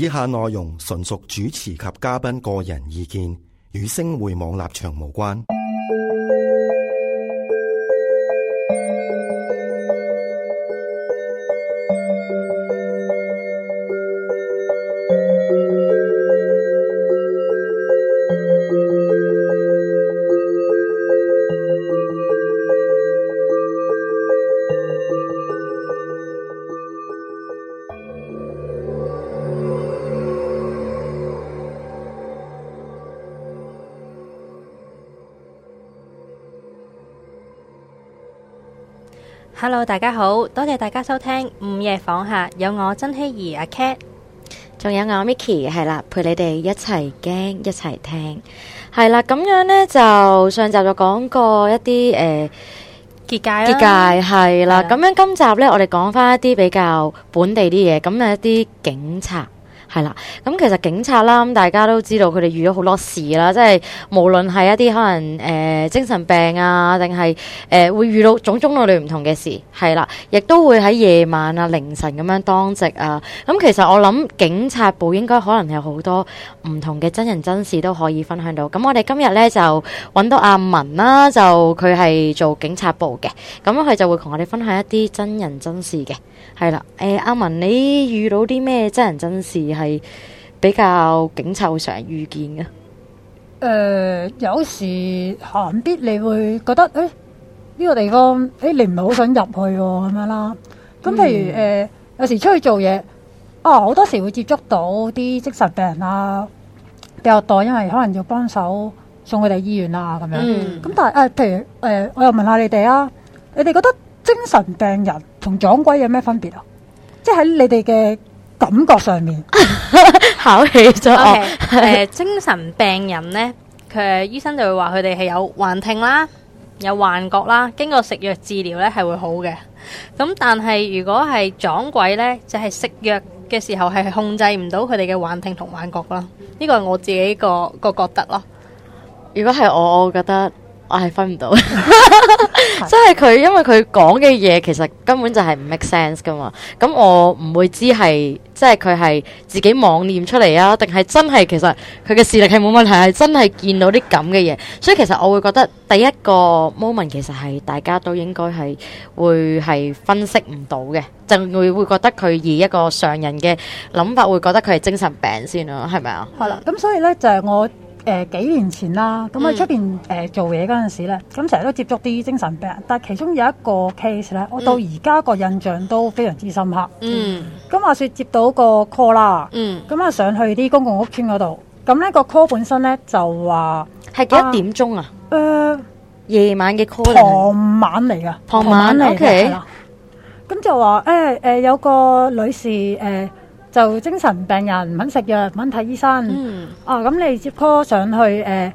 以下內容純屬主持及嘉賓個人意見，與星匯網立場無關。Hello，大家好，多謝大家收聽午夜訪嚇，有我曾希怡阿 Cat，仲有我 Miki 係啦，陪你哋一齊驚一齊聽，係啦，咁樣呢，就上集就講過一啲誒、呃、結界、啊、結界係啦，咁樣今集呢，我哋講翻一啲比較本地啲嘢，咁有一啲警察。係啦，咁其實警察啦，大家都知道佢哋遇到好多事啦，即係無論係一啲可能誒、呃、精神病啊，定係誒會遇到種種類類唔同嘅事，係啦，亦都會喺夜晚啊、凌晨咁樣當值啊。咁其實我諗警察部應該可能有好多唔同嘅真人真事都可以分享到。咁我哋今日呢，就揾到阿文啦、啊，就佢係做警察部嘅，咁佢就會同我哋分享一啲真人真事嘅。係啦、欸，阿文，你遇到啲咩真人真事？係比較緊湊常遇見嘅，誒、呃，有時行咇你會覺得誒呢、這個地方，誒你唔係好想入去咁 樣啦。咁譬如誒、呃嗯，有時出去做嘢，啊好多時會接觸到啲精神病人啊比較多，因為可能要幫手送佢哋醫院啊咁樣。咁、嗯、但係誒、呃，譬如誒、呃，我又問下你哋啊，你哋覺得精神病人同撞鬼有咩分別啊？即係喺你哋嘅。感覺上面考起咗。誒，精神病人呢，佢醫生就會話佢哋係有幻聽啦，有幻覺啦，經過食藥治療呢係會好嘅。咁但係如果係撞鬼呢，就係食藥嘅時候係控制唔到佢哋嘅幻聽同幻覺咯。呢個係我自己個個覺得咯。如果係我，我覺得我係分唔到，即係佢因為佢講嘅嘢其實根本就係唔 make sense 噶嘛。咁我唔會知係。即係佢係自己妄念出嚟啊，定係真係其實佢嘅視力係冇問題，係真係見到啲咁嘅嘢。所以其實我會覺得第一個 moment 其實係大家都應該係會係分析唔到嘅，就會會覺得佢以一個常人嘅諗法會覺得佢係精神病先咯，係咪啊？係啦，咁所以呢，就係我。誒、呃、幾年前啦，咁喺出面誒做嘢嗰陣時咧，咁成日都接觸啲精神病，但其中有一個 case 咧，我到而家個印象都非常之深刻。嗯，咁、嗯嗯、話說接到個 call 啦，嗯，咁啊上去啲公共屋邨嗰度，咁呢個 call 本身咧就話係幾點鐘啊？誒、啊，夜、呃、晚嘅 call，傍晚嚟㗎，傍晚嚟嘅，咁、okay、就話誒、欸呃、有個女士誒。呃就精神病人唔肯食藥，唔肯睇醫生。哦、嗯，咁、啊、你接 call 上去，誒、呃、誒、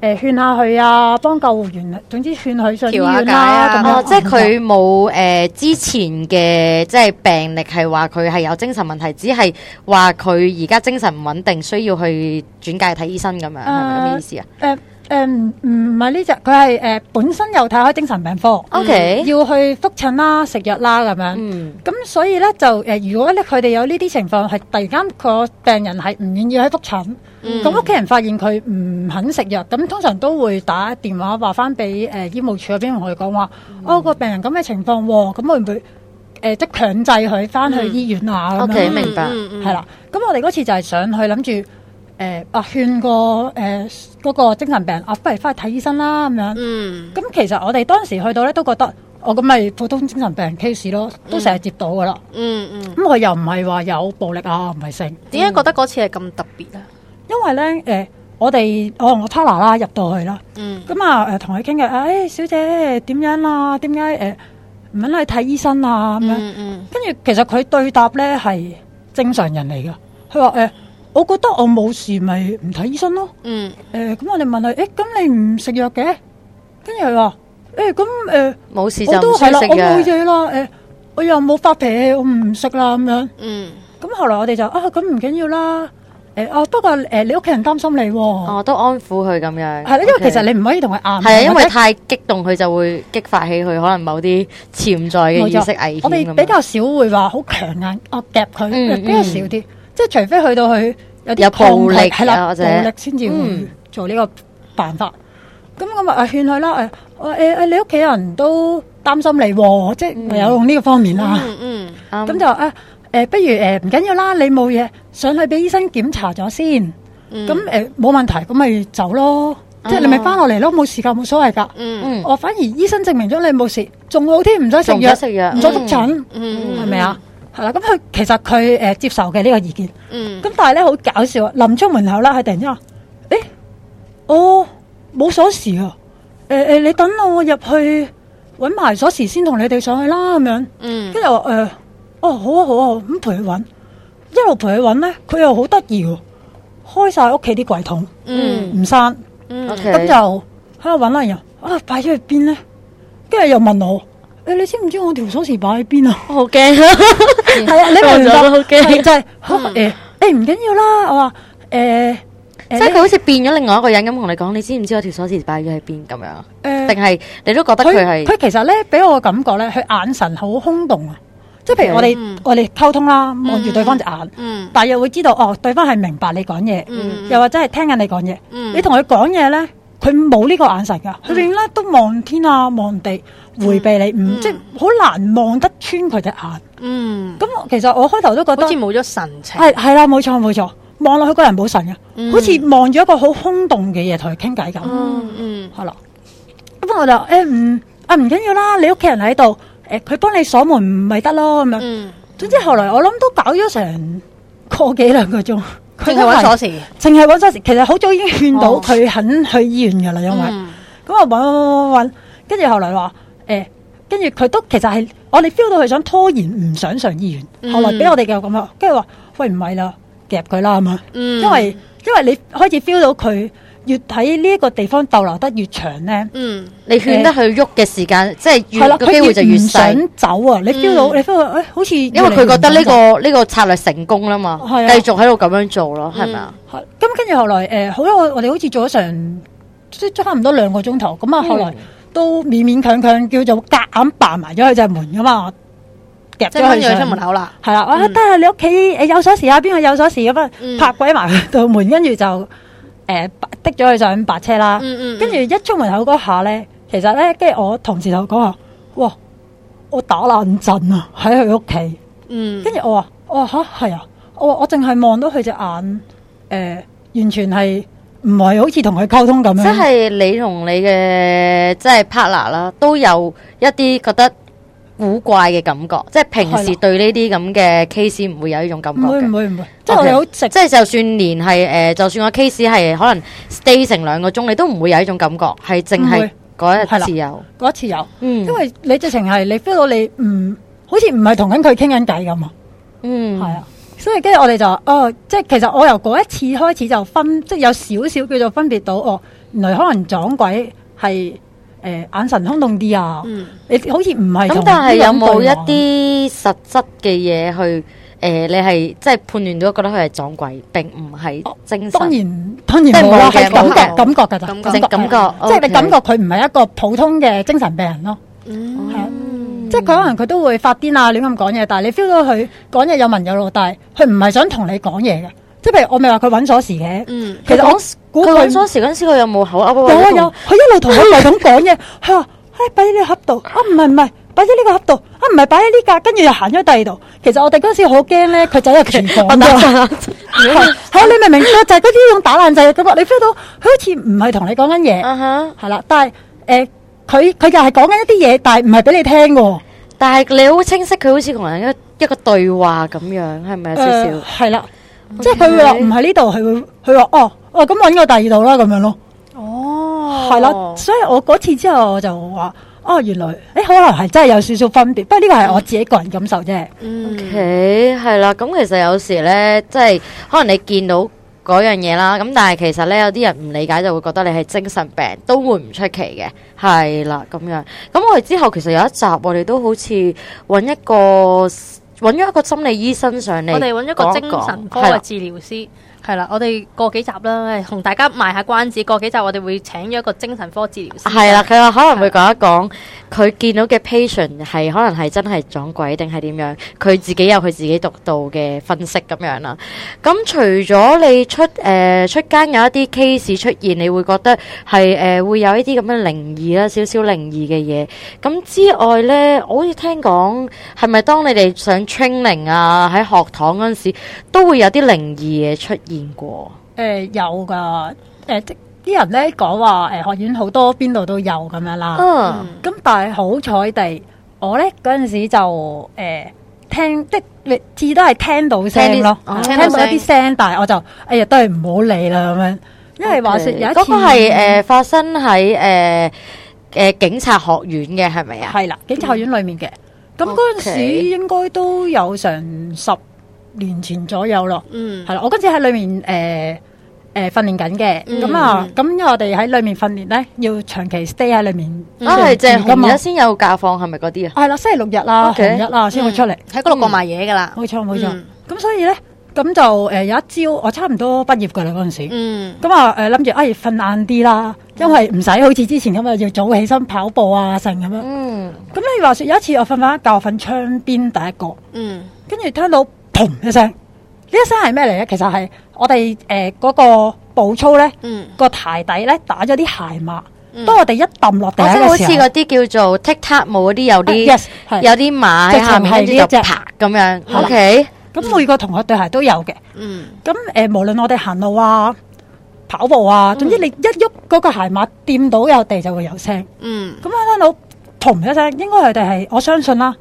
呃、勸下佢啊，幫救護員，總之勸佢上醫院呀。咁、啊、樣、嗯、即係佢冇誒之前嘅即係病歷，係話佢係有精神問題，只係話佢而家精神唔穩定，需要去轉介睇醫生咁樣，係咪咁嘅意思啊？呃呃誒，唔係呢隻，佢係誒本身又睇開精神病科，OK，要去復診啦、食藥啦咁樣。嗯，咁所以咧就誒，如果咧佢哋有呢啲情況，係突然間個病人係唔願意去復診，咁屋企人發現佢唔肯食藥，咁通常都會打電話話翻俾誒醫務處嗰邊同佢講話，哦，個病人咁嘅情況，咁會唔會誒即係強制佢翻去醫院啊？OK，明白。係啦，咁我哋嗰次就係上去諗住。誒、呃，啊，勸個誒、呃那個精神病啊，翻嚟翻去睇醫生啦、啊，咁樣。嗯。咁其實我哋當時去到咧，都覺得我咁咪普通精神病 case 咯，都成日接到噶啦。嗯嗯。咁、嗯、佢又唔係話有暴力啊，唔係性。點解覺得嗰次係咁特別？因為咧，誒、呃，我哋我同我 partner 啦入到去啦。咁啊，誒、嗯，同佢傾偈，誒、哎，小姐點樣啊？點解誒唔肯去睇醫生啊？咁樣。跟、嗯、住，嗯、其實佢對答咧係正常人嚟噶，佢話誒。呃我覺得我冇事咪唔睇醫生咯。嗯。誒，咁我哋問佢，誒，咁你唔食藥嘅？跟住佢話，誒，咁誒，冇事，我都係啦，我冇嘢啦。誒，我又冇發脾氣，我唔食啦咁樣。嗯。咁後來我哋就啊，咁唔緊要啦。誒，哦，不過誒，你屋企人擔心你喎。哦，都安撫佢咁樣。係咯，因為其實你唔可以同佢硬。係啊，因為太激動，佢就會激發起佢可能某啲潛在嘅意識危機。我哋比較少會話好強硬，我夾佢比較少啲。即係除非去到佢有啲暴力係、啊、啦，暴力先至做呢個辦法。咁、嗯、我話啊勸佢啦，誒誒誒你屋企人都擔心你，即、嗯、係有用呢個方面啦。咁、嗯嗯嗯、就啊誒、欸，不如誒唔緊要啦，你冇嘢上去俾醫生檢查咗先。咁誒冇問題，咁咪走咯。嗯、即係你咪翻落嚟咯，冇時間冇所謂噶。的的嗯嗯、我反而醫生證明咗你冇事，仲好啲，唔使食藥，唔使復診，係咪啊？嗯嗯是係啦，咁佢其實佢誒、呃、接受嘅呢個意見，咁、嗯、但係咧好搞笑，臨出門口啦，佢突然之間話：，誒、欸，哦，冇鎖匙啊！誒、欸、誒、欸，你等我入去搵埋鎖匙，先同你哋上去啦，咁樣。嗯，跟住話：誒、呃，哦，好啊好啊，咁、啊、陪佢搵，一路陪佢搵咧，佢又好得意喎，開晒屋企啲櫃桶，唔、嗯、閂，咁、嗯、就喺度搵啦又，啊，擺咗去邊咧，跟住又問我。誒，你知唔知我條鎖匙擺喺邊啊？好驚，係啊，你明白？好驚，真係。誒誒，唔緊要啦，我話誒，即係佢好似變咗另外一個人咁同你講，你知唔知我條鎖匙擺咗喺邊咁樣？誒，定係你都覺得佢係？佢其實咧，俾我嘅感覺咧，佢眼神好空洞啊。即係譬如我哋我哋溝通啦，望住對方隻眼，嗯，但係又會知道哦，對方係明白你講嘢，嗯，又或者係聽緊你講嘢，嗯，你同佢講嘢咧。佢冇呢個眼神噶，佢永遠咧都望天啊望地回避你，唔即係好難望得穿佢隻眼。嗯，咁其實我開頭都覺得好似冇咗神情。係係啦，冇錯冇錯，望落去個人冇神噶，好似望住一個好空洞嘅嘢同佢傾偈咁。嗯嗯，係啦。咁我就誒唔啊唔緊要啦，你屋企人喺度誒，佢幫你鎖門咪得咯咁樣。嗯。總之後來我諗都搞咗成個幾兩個鐘。淨係搵鎖匙，淨係搵鎖匙。其實好早已經勸到佢肯去醫院噶啦、哦，因為咁啊搵搵搵搵，跟、嗯、住、嗯嗯、後，後來話誒，跟住佢都其實係我哋 feel 到佢想拖延，唔想上醫院。嗯、後來俾我哋嘅咁啊，跟住話：，喂唔係啦，夾佢啦，係嘛、嗯？因為因為你開始 feel 到佢。越睇呢一個地方逗留得越長咧，嗯，你勸得佢喐嘅時間，欸，即係越機會就越少。越想越小越想走啊！你 feel 到，嗯、你 feel 到，哎，好似因為佢覺得呢、這個呢、這個策略成功啦嘛，係、嗯、繼續喺度咁樣做咯，係咪啊？咁，跟、嗯、住後來誒、呃，好啦，我哋好似做咗成即差唔多兩個鐘頭，咁、嗯、啊、嗯，後來都勉勉強強叫做夾硬扮埋咗佢隻門噶嘛，夾咗佢出門口啦，係啦，我得、嗯、你屋企有鎖匙啊？邊個有鎖匙咁啊？嗯、拍鬼埋到門，跟住就。誒、呃，迫咗佢上白車啦，跟、嗯、住、嗯嗯、一出門口嗰下咧，其實咧，跟住我同事就講話：哇，我打冷震、嗯、啊，喺佢屋企。嗯，跟住我話，嘩，係吓係啊，我我淨係望到佢隻眼，誒、呃，完全係唔係好似同佢溝通咁樣即你你。即係你同你嘅，即係 partner 啦，都有一啲覺得。古怪嘅感覺，即係平時對呢啲咁嘅 case 唔會有呢種感覺嘅。唔會唔會，會，okay，即係我哋好即係就算連係誒、呃，就算我 case 係可能 stay 成兩個鐘，你都唔會有呢種感覺，係淨係嗰一次有嗰一次有，嗯，因為你直情係你 feel 到你唔好似唔係同緊佢傾緊偈咁啊，嗯，係啊，所以跟住我哋就話哦，即係其實我由嗰一次開始就分，即係有少少叫做分別到哦，原來可能撞鬼係。誒，眼神空洞啲啊，嗯，你好似唔係咁，但係有冇一啲實質嘅嘢去？誒，你係即係判斷到覺得佢係撞鬼，並唔係精神，當然當然冇啦，係感覺感覺噶咋，感覺感覺，即係你感覺佢唔係一個普通嘅精神病人咯，嗯，即係可能佢都會發癲啊，亂咁講嘢，但係你 feel 到佢講嘢有文有路，但係佢唔係想同你講嘢嘅，即係譬如我咪話佢搵鎖匙嘅，嗯，其實我。佢嗰陣時嗰陣時，佢有冇口噏噏喺度？有啊有，佢一路同我嚟講嘢，吓，誒，擺喺呢個盒度啊，唔係唔係，擺喺呢個盒度啊，唔係擺喺呢架，跟住又行咗第二度。其實我哋嗰陣時好驚咧，佢走入廚房啦。係啊，你明唔明啊？就係嗰啲種打爛仔嘅感覺，你 feel 到佢好似唔係同你講緊嘢，係啦。但係誒，佢佢又係講緊一啲嘢，但係唔係俾你聽嘅。但係你好清晰，佢好似同人一個對話咁樣，係咪有少少？係啦，即係佢話唔係呢度，係佢佢話哦。哦，咁揾個第二度啦，咁樣咯。哦，係啦，所以我嗰次之後我就話，哦，原來誒，可能係真係有少少分別，不過呢個係我自己一個人感受啫。嗯，OK，係啦，咁其實有時咧，即係可能你見到嗰樣嘢啦，咁但係其實咧有啲人唔理解，就會覺得你係精神病，都會唔出奇嘅。係啦，咁樣。咁我哋之後其實有一集我哋都好似揾一個揾咗一個心理醫生上嚟，我哋揾咗個精神科嘅治療師。係啦，我哋過幾集啦，同大家賣下關子。過幾集我哋會請咗一個精神科治療師，係啦，佢話可能會講一講佢見到嘅 patient 係可能係真係撞鬼定係點樣，佢自己有佢自己獨到嘅分析咁樣啦。咁除咗你出誒、呃、出間有一啲 case 出現，你會覺得係誒、呃、會有一啲咁樣靈異啦，少少靈異嘅嘢。咁之外咧，我好似聽講，係咪當你哋上 training 啊，喺學堂嗰陣時，都會有啲靈異嘢出現？見過誒，有噶誒，啲人咧講話誒，學院好多邊度都有咁樣啦。嗯，咁但係好彩地，我咧嗰陣時就誒聽即係至都係聽到聲咯，聽到一啲聲，但係我就哎呀都係唔好理啦咁樣。因為話說有一個係誒發生喺誒誒警察學院嘅係咪啊？係啦，警察學院裏面嘅。咁嗰陣時應該都有成十年前左右咯，嗯，係啦，我今次喺裏面誒誒訓練緊嘅，咁、呃呃嗯、啊，咁因為我哋喺裏面訓練咧，要長期 stay 喺裏面，啊係，即係紅日先有假放，係咪嗰啲啊？係啦、啊，星期六日啦，期、okay，紅日啦先會出嚟，喺嗰度過埋夜噶啦，冇錯冇錯。咁、嗯嗯、所以咧，咁就誒有一朝我差唔多畢業噶啦嗰陣時，嗯，咁啊誒諗住誒瞓晏啲啦，因為唔使、嗯、好似之前咁啊要早起身跑步啊成咁樣，嗯，咁你話說有一次我瞓翻覺瞓窗邊第一個，嗯，跟住聽到。嘭一聲，呢一聲係咩嚟咧？其實係我哋誒嗰個步操咧，個鞋底咧打咗啲鞋碼。當我哋一抌落地嘅時候，即係好似嗰啲叫做踢踏舞嗰啲有啲有啲碼喺下面跟住就拍咁樣。OK，咁每個同學對鞋都有嘅。咁誒，無論我哋行路啊、跑步啊，總之你一喐嗰個鞋碼掂到有地就會有聲。嗯，咁我聽到嘭一聲，應該佢哋係我相信啦。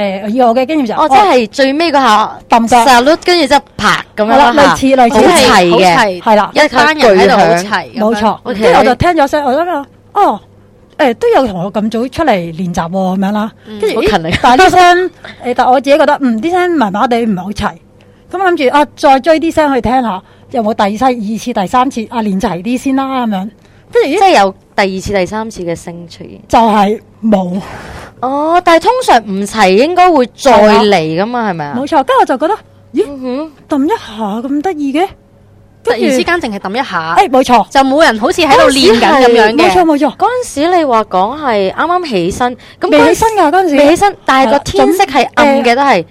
誒、哎，我嘅經驗就是，哦，即係最尾嗰下抌咗，跟住即就拍咁樣啦，類似類似好齊嘅，係啦，一班人喺度好齊，冇錯。跟、okay. 住我就聽咗聲，我諗啊，哦，誒、哎，都有同學咁早出嚟練習咁、啊、樣啦。嗯，好勤、嗯、力。但係聲， 但我自己覺得，嗯，啲聲麻麻哋，唔係好齊。咁我諗住啊，再追啲聲去聽下，有冇第二、二次、第三次？啊，練齊啲先啦、啊，咁樣。即係有第二次、第三次嘅聲出現，就係、是、冇。哦，但係通常唔齊，應該會再嚟噶嘛，係咪啊？冇錯，跟住我就覺得，咦，揼一下咁得意嘅，突然之間淨係揼一下，誒，冇錯，就冇人好似喺度練緊咁樣嘅。冇錯冇錯，嗰陣時你話講係啱啱起身，咁未起身噶嗰陣時，未起身，但係個天色係暗嘅都係，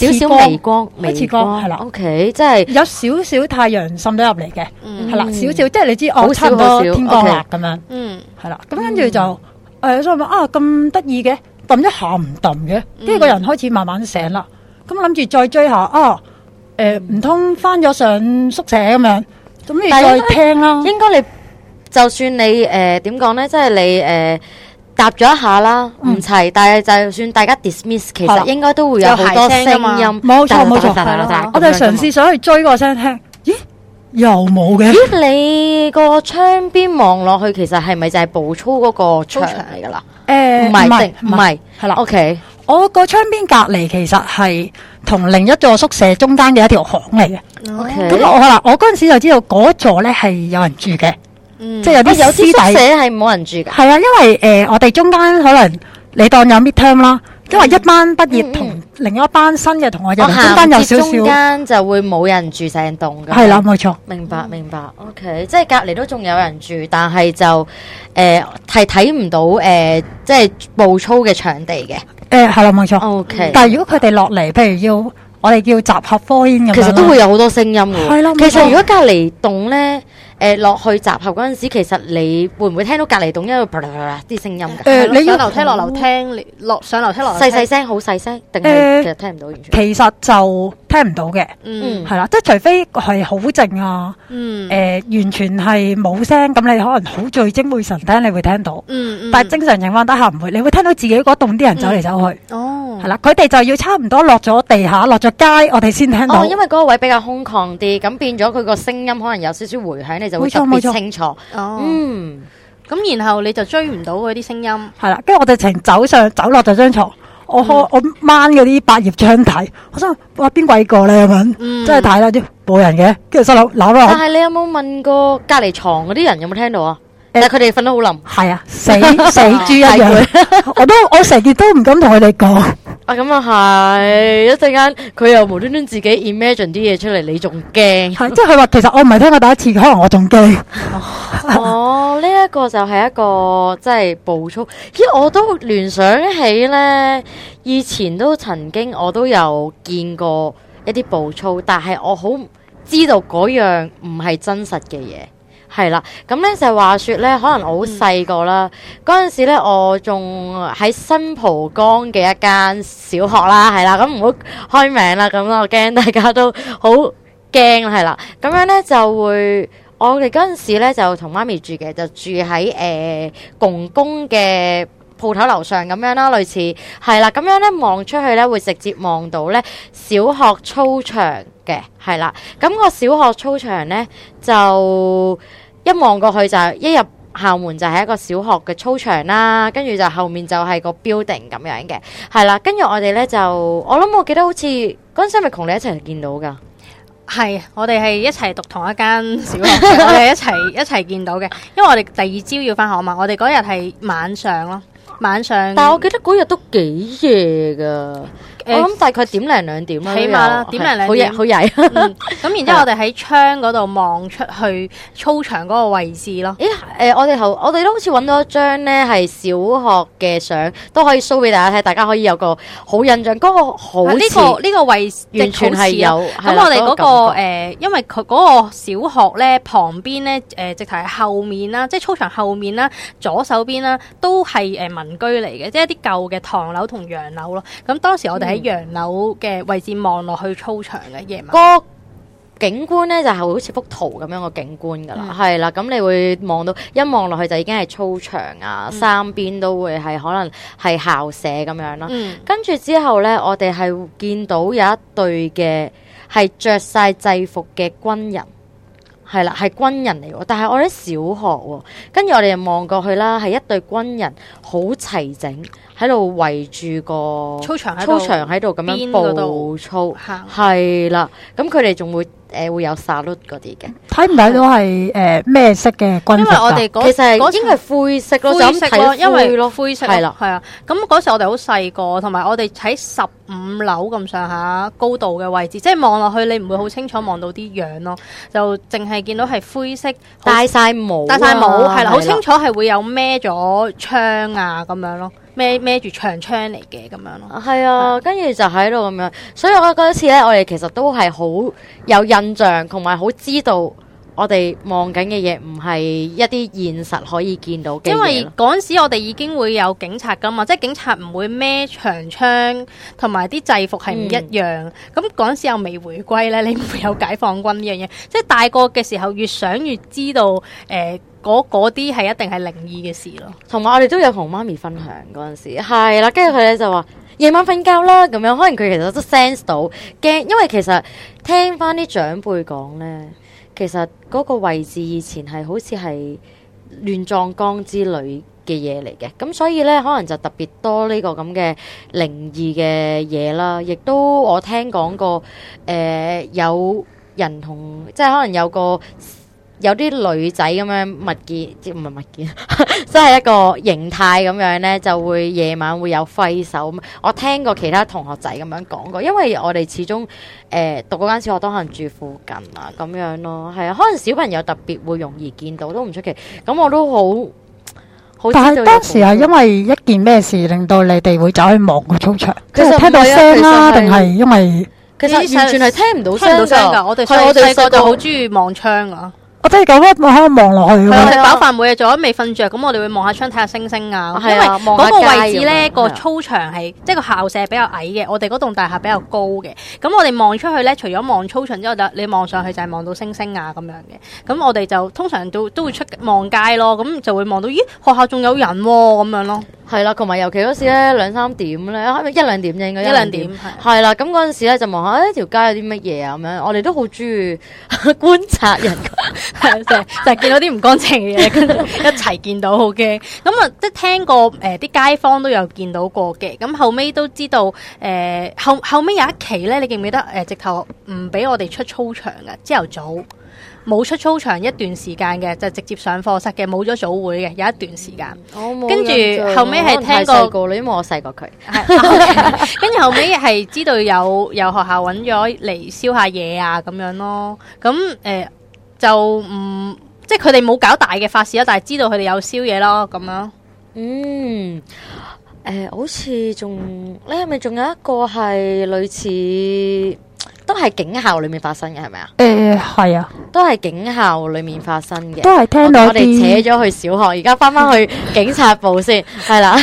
開少少微光，微切光，係啦，OK，即係有少少太陽滲咗入嚟嘅，係啦，少少，即係你知，哦，差唔多天光啦咁樣，嗯，係啦，咁跟住就。誒，所以話啊咁得意嘅，揼一下唔揼嘅，跟住個人開始慢慢醒啦。咁諗住再追下啊，誒，唔通翻咗上宿舍咁樣，咁你再聽啦。應該你就算你誒點講咧，即係你誒答咗一下啦，唔齊，但係就算大家 dismiss，其實應該都會有好多聲音。冇錯冇錯，我哋嘗試想去追個聲聽。咦？又冇嘅？咦，你個窗邊望落去，其實係咪就係步操嗰個操場嚟噶啦？誒，唔係，唔係，係啦。O K，我個窗邊隔籬其實係同另一座宿舍中間嘅一條巷嚟嘅。O K，咁我嗱，我嗰陣時就知道嗰座咧係有人住嘅，嗯，即係有啲有啲宿舍係冇人住噶。係啊，因為誒，我哋中間可能你當有 mid-term 啦，因為一班畢業同。另一班新嘅同學就，我有少少間就會冇人住成棟㗎。係啦，冇錯。明白，嗯、明白，明白。OK，即係隔離都仲有人住，但係就誒係睇唔到誒、呃，即係步操嘅場地嘅。誒係啦，冇錯。OK，但係如果佢哋落嚟，譬如要我哋叫集合科研咁，其實都會有好多聲音嘅。係其實如果隔離棟咧。誒，落去集合嗰陣時，其實你會唔會聽到隔籬棟一路撲啦撲啦啲聲音噶？誒，你上樓梯聽落樓聽，落上樓聽落。細細聲，好細聲，定係其實聽唔到完全。其實就聽唔到嘅，嗯，係啦，即係除非係好靜啊，嗯，誒，完全係冇聲，咁你可能好聚精會神，聽你會聽到，嗯嗯，但係正常情況底下唔會，你會聽到自己嗰棟啲人走嚟走去。哦。係啦，佢哋就要差唔多落咗地下，落咗街，我哋先聽到。哦，因為嗰個位比較空曠啲，咁變咗佢個聲音可能有少少回響，你就會特別清楚。哦，嗯，咁、哦、然後你就追唔到嗰啲聲音。係啦，跟住我哋直情走上走落就張床，我開、嗯、我掹嗰啲百葉窗睇，我想話邊鬼過你咁樣。嗯，真係睇啦啲冇人嘅，跟住細佬扭咗。但係你有冇問過隔籬床嗰啲人有冇聽到啊？誒，佢哋瞓得好冧，係 啊，死死豬一樣。我都我成日都唔敢同佢哋講。啊，咁啊係，一陣間佢又無端端自己 imagine 啲嘢出嚟，你仲驚？即係佢話， 其實我唔係聽過第一次，可能我仲驚。哦，呢、 哦這個、一個就係一個即係暴躁。其咦，我都聯想起咧，以前都曾經我都有見過一啲暴躁，但係我好知道嗰樣唔係真實嘅嘢。係啦，咁咧就話說咧，可能我好細個啦，嗰，嗯、陣時咧我仲喺新蒲江嘅一間小學啦，係啦，咁唔好開名啦，咁我驚大家都好驚，係啦，咁樣咧就會，我哋嗰陣時咧就同媽咪住嘅，就住喺誒，呃、公公嘅鋪頭樓上咁樣啦，類似係啦，咁樣咧望出去咧會直接望到咧小學操場嘅，係啦。咁個小學操場咧就一望過去就一入校門就係一個小學嘅操場啦，跟住就後面就係個 building 咁樣嘅，係啦。跟住我哋咧就我諗我記得好似嗰陣時咪同你一齊見到噶，係我哋係一齊讀同一間小學， 我哋一齊一齊見到嘅，因為我哋第二朝要翻學嘛，我哋嗰日係晚上咯。晚上，但我記得嗰日都幾夜噶。我諗大概點零兩點啦、欸，起碼啦，點零兩,兩點。好曳，好曳。咁、嗯、 然之後，我哋喺窗嗰度望出去操場嗰個位置咯。咦、欸呃？我哋頭我哋都好似搵到一張咧，係小學嘅相，都可以 show 俾大家睇，大家可以有個好印象。嗰、那個好似呢、這個呢、這個位置完全係有。咁、啊啊、我哋嗰、那個、那個呃、因為佢嗰個小學咧，旁邊咧、呃、直頭係後面啦，即係操場後面啦，左手邊啦，都係民居嚟嘅，即係一啲舊嘅唐樓同洋樓咯。咁當時我哋喺、嗯洋樓嘅位置望落去操場嘅夜晚個，個景觀咧就係好似幅圖咁樣嘅景觀噶啦。係、嗯、啦，咁你會望到一望落去就已經係操場啊，嗯、三邊都會係可能係校舍咁樣啦、啊。跟、嗯、住之後咧，我哋係見到有一隊嘅係着晒制服嘅軍人，係啦，係軍人嚟喎。但係我喺小學喎、啊，跟住我哋就望過去啦，係一隊軍人好齊整。喺度圍住個操場，操場喺度咁樣步操，係啦。咁佢哋仲會誒、呃、會有沙律嗰啲嘅，睇唔睇到係誒咩色嘅軍服啊？因為我哋其實嗰時應該係灰色咯，就咁睇灰咯，灰色係啦，係啊。咁嗰時我哋好細個，同埋我哋喺十五樓咁上下高度嘅位置，即係望落去你唔會好清楚望到啲樣咯、嗯，就淨係見到係灰色，戴晒帽，戴晒帽係、啊啊、啦，好清楚係會有孭咗槍啊咁樣咯。孭孭住長槍嚟嘅咁樣咯，係啊，跟住就喺度咁樣，所以我嗰次呢，我哋其實都係好有印象，同埋好知道我哋望緊嘅嘢唔係一啲現實可以見到嘅嘢。因為嗰陣時我哋已經會有警察㗎嘛，即係警察唔會孭長槍，同埋啲制服係唔一樣。咁嗰陣時又未回歸呢，你唔會有解放軍呢樣嘢。即係大個嘅時候，越想越知道誒。呃我嗰啲係一定係靈異嘅事咯，同埋我哋都有同媽咪分享嗰陣時，係啦，跟住佢咧就話夜晚瞓覺啦咁樣，可能佢其實都 sense 到驚，因為其實聽翻啲長輩講咧，其實嗰個位置以前係好似係亂葬崗之類嘅嘢嚟嘅，咁所以咧可能就特別多呢個咁嘅靈異嘅嘢啦，亦都我聽講過誒、呃、有人同即係可能有個。有啲女仔咁樣物件，即唔係物件，即 係一個形態咁樣咧，就會夜晚會有揮手。我聽過其他同學仔咁樣講過，因為我哋始終誒、呃、讀嗰間小學都可能住附近啊，咁樣咯，係啊，可能小朋友特別會容易見到，都唔出奇。咁我都好，但係當時係因為一件咩事令到你哋會走去望個操場，聽到聲啦，定係因為其實完全係聽唔到聽到聲噶？我哋細我哋個就好中意望窗啊。即係咁啊！望下望落去。係啊，食飽飯冇嘢做，都未瞓着，咁我哋會望下窗睇下星星啊。係啊，望下街。因為嗰個位置咧，個操場係即係個校舍比較矮嘅，我哋嗰棟大廈比較高嘅。咁我哋望出去咧，除咗望操場之外，就你望上去就係望到星星啊咁樣嘅。咁我哋就通常都都會出望街咯，咁就會望到咦，學校仲有人喎，咁樣咯。係啦，同埋尤其嗰時咧兩三點咧，一兩點應該一兩點係啦。咁嗰陣時咧就望下呢條街有啲乜嘢啊咁樣，我哋都好中意觀察人。係就係見到啲唔乾淨嘅嘢，跟住一齊見到好驚。咁啊，即係聽過誒，啲街坊都有見到過嘅。咁後尾都知道誒，後後尾有一期咧，你記唔記得？誒，直頭唔俾我哋出操場㗎，朝頭早冇出操場一段時間嘅，就直接上課室嘅，冇咗早會嘅，有一段時間。我冇。跟住後尾係聽過，因為我細過佢。跟住後尾係知道有有學校搵咗嚟燒下嘢啊，咁樣咯。咁誒。就唔即係佢哋冇搞大嘅法事啦，但係知道佢哋有宵夜咯咁樣。嗯，誒，好似仲你係咪仲有一個係類似都係警校裏面發生嘅係咪啊？誒，係啊，都係警校裏面發生嘅。都係聽到我哋扯咗去小學，而家翻翻去警察部先係啦，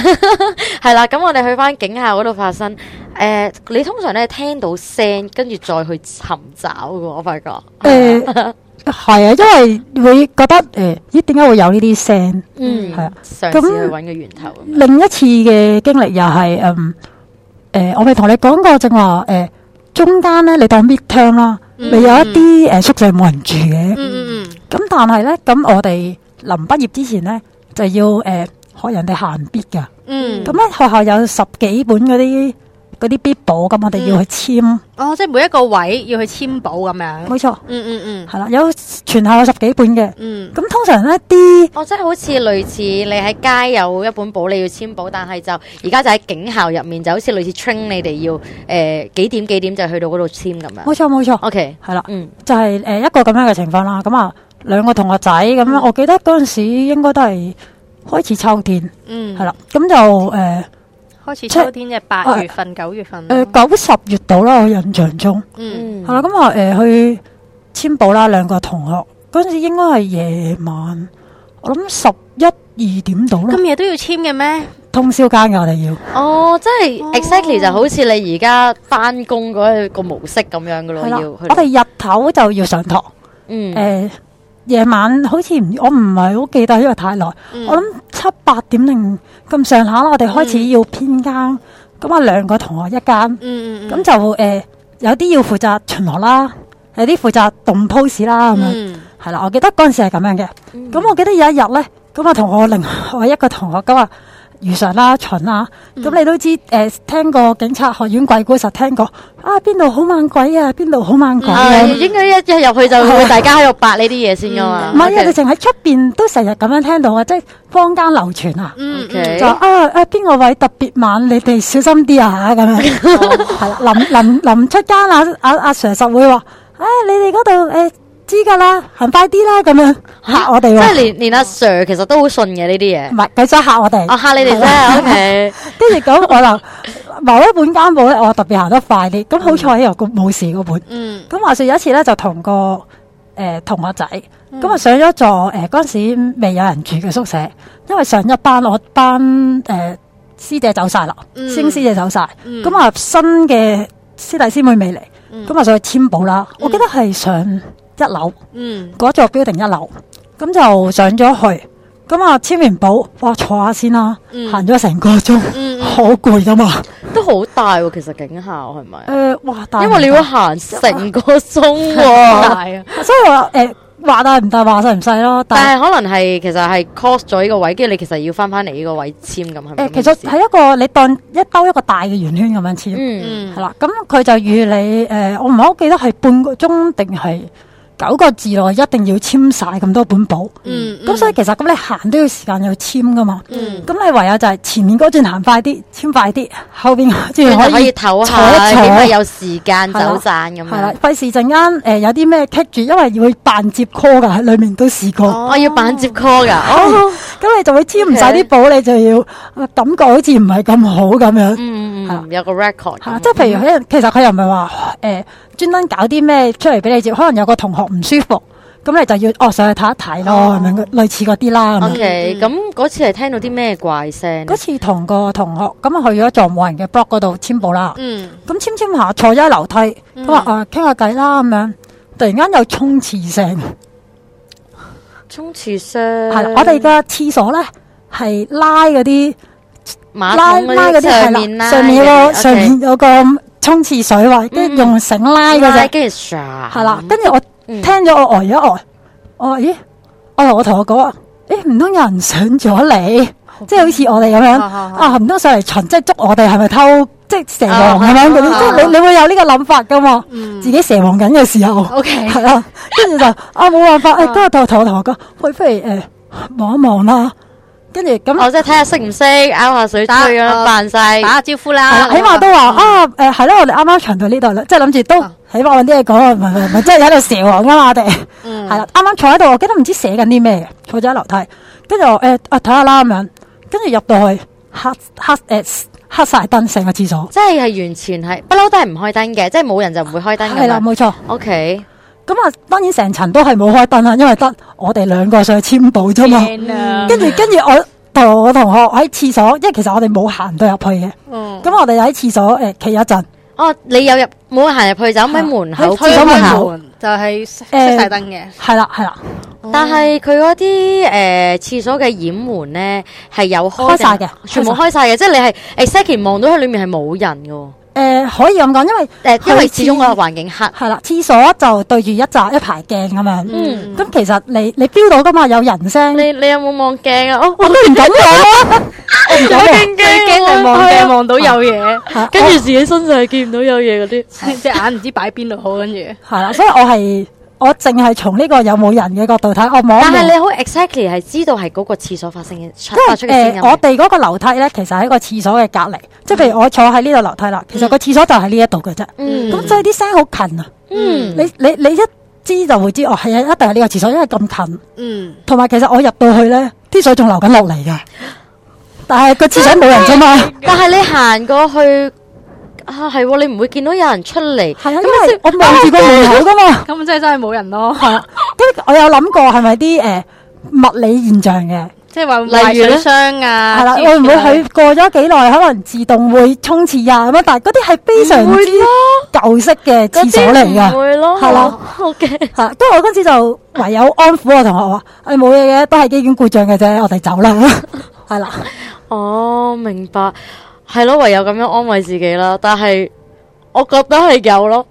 係啦。咁我哋去翻警校嗰度發生。誒，你通常咧聽到聲，跟住再去尋找嘅，我發覺。係啊，因為會覺得誒，咦，點解會有呢啲聲？嗯，係啊，嘗試去搵個源頭。另一次嘅經歷又係嗯，誒，我咪同你講過正話，誒，中間咧你當咇廳啦，你有一啲誒宿舍冇人住嘅。嗯嗯嗯。咁但係咧，咁我哋臨畢業之前咧就要誒學人哋行咇噶嗯。咁咧學校有十幾本嗰啲。嗰啲咇簿咁，我哋要去簽、嗯、哦，即係每一個位要去簽簿咁樣。冇錯，嗯嗯嗯，係、嗯、啦，有全校有十幾本嘅，嗯，咁通常一啲哦，即係好似類似你喺街有一本簿你要簽簿，但係就而家就喺警校入面，就好似類似 train 你哋要誒、呃、幾點幾點就去到嗰度簽咁樣。冇錯冇錯，OK，係啦，嗯，就係、是、誒一個咁樣嘅情況啦。咁啊，兩個同學仔咁，那我記得嗰陣時應該都係開始秋天，嗯，係啦，咁就誒。呃開始秋天嘅八月份，九月份。誒，九十月度啦，我印象中。嗯。係啦，咁我誒去簽簿啦，兩個同學嗰陣時應該係夜晚。我諗十一二點度啦。咁夜都要簽嘅咩？通宵間噶我哋要。哦，即係 Exactly 就好似你而家翻工嗰個模式咁樣噶咯。係啦。我哋日頭就要上堂。嗯。誒。夜晚好似唔，我唔係好記得個，因為太耐。我諗七八點零咁上下啦，我哋開始要編間，咁、嗯、啊兩個同學一間，咁、嗯嗯、就誒、呃、有啲要負責巡邏啦，有啲負責動 pose 啦，咁樣係啦、嗯。我記得嗰陣時係咁樣嘅。咁、嗯、我記得有一日咧，咁我同我另外一個同學咁話如常啦，巡啦、啊，咁、嗯、你都知誒、呃，聽過警察學院鬼故事，聽過啊，邊度好猛鬼啊，邊度好猛鬼啊，應、嗯、該、嗯、一一入去就會去大家喺度白呢啲嘢先噶嘛，唔係啊，你淨喺出邊都成日咁樣聽到啊，即係坊間流傳啊，嗯、okay，就啊啊邊個位特別猛，你哋小心啲啊，咁樣係啦，臨臨臨出街啊啊阿、啊、Sir 實會話，唉、啊，你哋嗰度誒。啊知噶啦，行快啲啦，咁樣嚇我哋、啊，即係連連阿 Sir 其實都好信嘅呢啲嘢，唔係佢想嚇我哋、啊，嚇吓你哋啫。O K，跟住講我就 某一本監簿咧，我特別行得快啲。咁好彩又冇事嗰本。咁、嗯、話說有一次咧，就個、呃、同個誒同學仔咁啊上咗座誒嗰陣時未有人住嘅宿舍，因為上一班我班誒、呃、師姐走晒啦，升、嗯、師姐走晒，咁、嗯、啊新嘅師弟師妹未嚟，咁啊上去簽簿啦、嗯。我記得係上。一樓，嗯，嗰座標定一樓，咁就上咗去，咁啊，簽完簿，哇，坐下先啦，行咗成個鐘，好攰噶嘛，都好大喎，其實警校係咪？誒，哇，因為你要行成個鐘，好大啊，所以話誒，話大唔大，話細唔細咯，但係可能係其實係 cost 咗呢個位，跟住你其實要翻翻嚟呢個位簽咁係咪？誒，其實係一個你當一兜一個大嘅圓圈咁樣簽，嗯，係啦，咁佢就預你誒，我唔係好記得係半個鐘定係九個字內，一定要簽晒咁多本簿。咁、嗯嗯啊、所以其實咁你行都要時間要簽噶嘛。咁、嗯、你唯有就係前面嗰段行快啲，簽快啲，後邊可以唞下，點解有時間走散咁啦費事陣間誒，有啲咩棘住，因為要辦接 call 噶，裏面都試過。我、哦哦哦、要辦接 call 噶，咁、哦哎 okay. 你就會簽唔晒啲簿，你就要感覺好似唔係咁好咁樣。嗯、啊、有個 record、啊。即係、啊、譬如佢、嗯，其實佢又唔係話誒。呃專登搞啲咩出嚟俾你接？可能有個同學唔舒服，咁你就要哦上去睇一睇咯，係咪？類似嗰啲啦。OK，咁嗰次係聽到啲咩怪聲？嗰次同個同學咁啊去咗座無人嘅 block 嗰度簽簿啦。嗯。咁簽簽下坐咗喺樓梯，佢話、嗯、啊傾下偈啦咁樣，突然間有沖厠聲。沖厠聲係，我哋嘅厠所咧係拉嗰啲拉嗰啲上面，上面有個，okay. 上面有個。沖廁水或者，跟住用繩拉嘅啫，係、嗯、啦。跟、嗯、住、嗯、我聽咗、呃嗯，我呆咗呆，我話咦，我我同我同學講啊，誒，唔通有人上咗嚟、嗯，即係好似我哋咁樣啊，唔、啊、通、啊、上嚟巡，即係捉我哋係咪偷，即、啊、係蛇王咁樣嘅、啊啊啊？即係你你會有呢個諗法噶嘛、嗯？自己蛇王緊嘅時候，OK，係啦。跟住就啊，冇辦法，誒、啊，都係同同我同學講喂，不如誒，望、啊啊呃、一望啦。跟住咁，我剛剛即係睇下識唔識啱下水打咯、這個，扮、啊、晒，打招呼啦，起碼都話、欸、啊，誒係咯，我哋啱啱巡到呢度啦，即係諗住都起碼搵啲嘢講，唔唔唔，即係喺度笑啊嘛，我哋，係啦，啱啱坐喺度，我記得唔知寫緊啲咩，坐咗喺樓梯，跟住誒，我睇下啦咁樣，跟住入到去黑黑誒黑晒燈成個廁所，即係係完全係不嬲都係唔開燈嘅，即係冇人就唔會開燈嘅啦，冇錯，OK。咁啊，當然成層都係冇開燈啦，因為得我哋兩個上去簽簿啫嘛。跟住跟住，我同我同學喺廁所，因為其實我哋冇行到入去嘅。咁、嗯嗯、我哋喺廁所誒企、呃、一陣。哦，你有入冇行入去？就喺門口，廁、啊、所門口、呃、就係熄晒燈嘅。係啦係啦，是啦哦、但係佢嗰啲誒廁所嘅掩門咧係有開晒嘅，全部開晒嘅，即係、就是、你係 excuse me 望到佢裏面係冇人嘅。誒、呃，可以咁講，因為誒，因為始終個環境黑。係啦，廁所就對住一扎一排鏡咁樣。嗯。咁其實你你標到噶嘛，有人聲。你你有冇望鏡啊？Oh, 我都唔敢望、啊 啊。我鏡驚、啊，望鏡望到有嘢、啊啊，跟住自己身上係見唔到有嘢嗰啲，啊啊、 隻眼唔知擺邊度好，跟住。係啦，所以我係。我淨係從呢個有冇人嘅角度睇，我冇。但係你好 exactly 係知道係嗰個廁所發生嘅發出嘅聲音、呃、我哋嗰個樓梯咧，其實喺個廁所嘅隔籬。即係譬如我坐喺呢度樓梯啦，其實個廁所就喺呢一度嘅啫。咁、嗯嗯、所以啲聲好近啊。嗯。你你你一知就會知，我、哦、係啊一定係呢個廁所，因為咁近。嗯。同埋其實我入到去咧，啲水仲流緊落嚟噶。但係個廁所冇人啫嘛、嗯嗯嗯。但係你行過去。啊，係你唔會見到有人出嚟，係啊，因為我望住個門口噶嘛，咁咪真係真係冇人咯。係，跟住我有諗過係咪啲誒物理現象嘅，即係話例如咧，係啦，會唔會佢過咗幾耐可能自動會沖廁啊咁啊？但係嗰啲係非常之舊式嘅廁所嚟噶，唔會咯，係咯，好嘅，吓。咁我嗰時就唯有安撫我同學話，誒冇嘢嘅，都係機件故障嘅啫，我哋走啦。係啦，哦明白。係咯，唯有咁樣安慰自己啦。但係我覺得係有咯，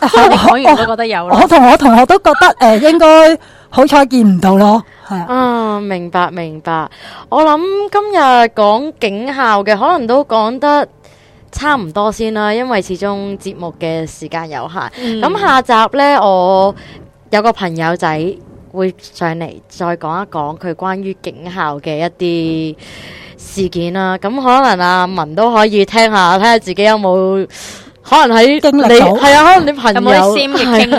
我我都覺得有。我同我同學都覺得誒，應該好彩見唔到咯。係啊，明白明白。我諗今日講警校嘅，可能都講得差唔多先啦，因為始終節目嘅時間有限。咁下集呢，我有個朋友仔會上嚟再講一講佢關於警校嘅一啲。事件啦，咁可能阿、啊、文都可以聽下，睇下自己有冇可能喺你係啊？可能你朋友有冇啲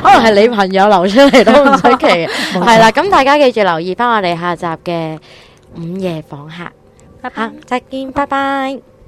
可能係你朋友流出嚟都唔出奇係，係 啦，咁大家記住留意翻我哋下集嘅午夜訪客，拜拜！再見，拜拜。拜拜。